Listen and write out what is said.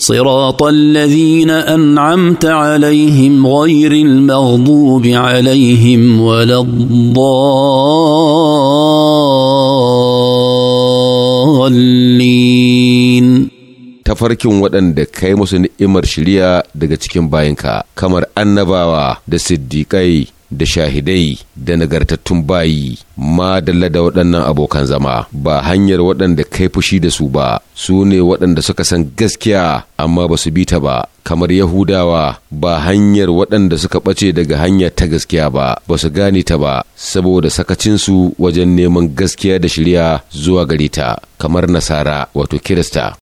صراط الذين انعمت عليهم غير المغضوب عليهم ولا الضالين tafarkin waɗanda kai musu ni'imar shirya daga cikin bayanka kamar annabawa da siddiƙai da shahidai da nagartattun bayi madalla da waɗannan abokan zama ba hanyar waɗanda kai fushi da su ba su ne waɗanda suka san gaskiya amma ba su bi ta ba kamar yahudawa ba hanyar waɗanda suka ɓace daga hanya ta gaskiya ba ba su gane ta ba saboda sakacinsu wajen neman gaskiya da shirya zuwa gare ta kamar nasara wato kirista